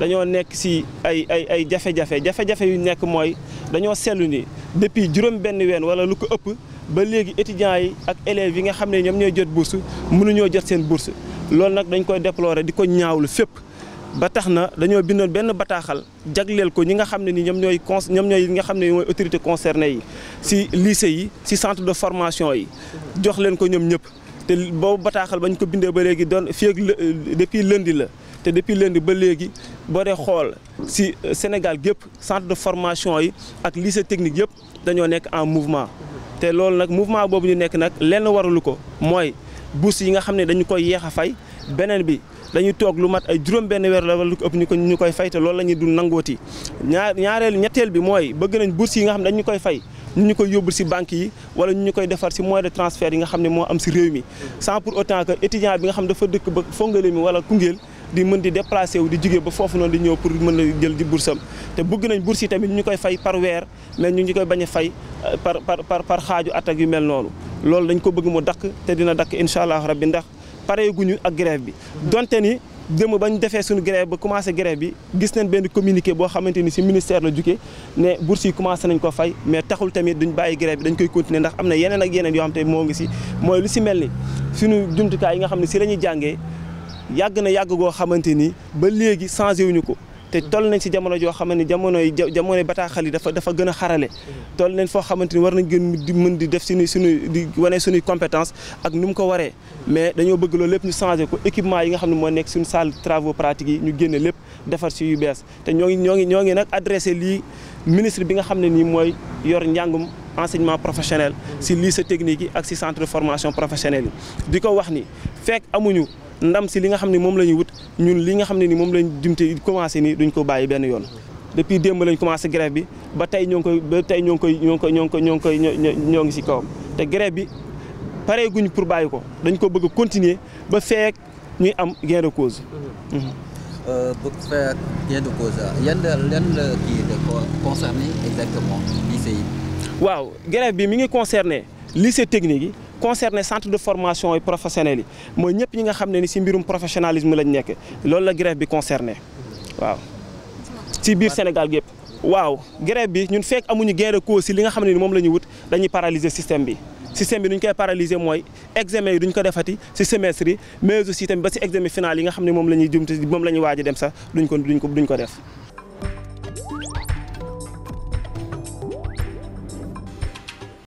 dañoo nekk si ay ay ay jafe-jafe jafe-jafe yu nekk mooy dañoo seetlu ni depuis juróom benn ween wala lu ko ëpp ba léegi étudiants yi ak élèves yi nga xam ne ñoom ñooy jot bourse mënuñoo jot seen bourse loolu nag dañ koy déplorer di ko ñaawlu fépp ba tax na dañoo bindoon benn bataaxal jagleel ko ñi nga xam ne ni ñoom ñooy con ñoom ñooy ñi nga xam ne mooy autorité concernée yi si lycée yi si centre de formation yi jox leen ko ñoom ñëpp te boobu bataaxal ba ñu ko bindee ba léegi doon fii ak depuis lëndi la te depuis lundi ba léegi boo dee xool si euh, Sénégal gépp centre de formation yi ak lycée technique yëpp dañoo nekk en mouvement te loolu nag mouvement boobu ñu nekk nag lenn waralu ko mooy bourse yi nga xam ne dañu koy yeex fay beneen bi dañuy toog lu mat ay juróom benn weer la wala lu ko ëpp ñu ko ñu koy fay te loolu la ñuy dul nangooti ñaar ñaareel ñetteel bi mooy bëgg nañ bourse yi nga xam ne dañu koy fay ñu ñu koy yóbbul si banque yi wala ñu ñu koy defar si moyen de transfert yi nga xam ne moo am si réew mi sans pour autant que étudiant bi nga xam dafa dëkk ba fongale mi wala Koungheul di mën di déplacé wu di jóge ba foofu noonu di ñëw pour mën a jël di boursam te bëgg nañ bourse yi tamit ñu ñu koy fay par weer mais ñu ñu koy bañ a fay euh, par par par par xaaju at ak yu mel noonu loolu dañ ko bëgg moo dakk te dina dakk incha allah bi ndax pare guñu ak grève bi donte démb bañ defee suñu grève ba commencé grève bi gis nañ benn communiqué boo xamante ni si ministère la jugee ne bourse yi commencé ko fay mais taxul tamit duñ bàyyi grève bi dañ koy continuer ndax am na yeneen ak yeneen yoo xam te moo ngi si mooy lu si mel ni suñu jumtukaay yi nga xam ne si la ñuy jàngee yàgg na yàgg goo xamante ni ba léegi changé wuñu ko te toll nañ si jamono joo xamante ni jamonoy jamonoy bataaxal yi dafa gën a xarale toll nañ foo xamante war nañ gën di di def suñuy suñuy di wane suñuy compétence ak nu ko waree mais dañoo bëgg loolu lépp ñu changé ko équipement yi nga xam ne moo nekk suñu salle travaux pratiques yi ñu génne lépp defar si yu bees te ñoo ngi nag adressé lii ministre bi nga xam ne nii mooy yor njàngum enseignement professionnel si lii lycée technique yi ak si centre de formation professionnelle yi di ko wax ni fekk amuñu ndam si li nga xam ne moom la ñuy wut ñun li nga xam ne nii moom lañ jumte commencé nii duñ ko bàyyi benn yoon depuis démb lañ commencé grève bi ba tey ñoo ngi koy ñoo ngi koy ñoo ngi koy ñoo ngi koy ñoo ngi ñoo ngi si kawam te grève bi pareeguñ pour bàyyi ko dañ ko bëgg a continuer ba feek ñuy am gain de Euh, pour faire bien de cause yan euh, la waaw grève bi mi ngi concerné lycée technique yi. concerné centre de formation yi professionnels yi mooy ñëpp ñi nga xam ne ni si mbirum professionnalisme lañ nekk loolu la grève bi concerné waaw si biir Sénégal gépp waaw grève bi ñun fekk amuñu gain de cause ci li nga xam ne ni moom la ñuy wut dañuy paralyser système bi système bi nu koy paralyser mooy examen yi duñ ko defati si semestre yi mais aussi tamit ba si examen final yi nga xam ne moom la ñuy jumte moom la ñuy waaj a dem sax duñ ko duñ ko duñ ko def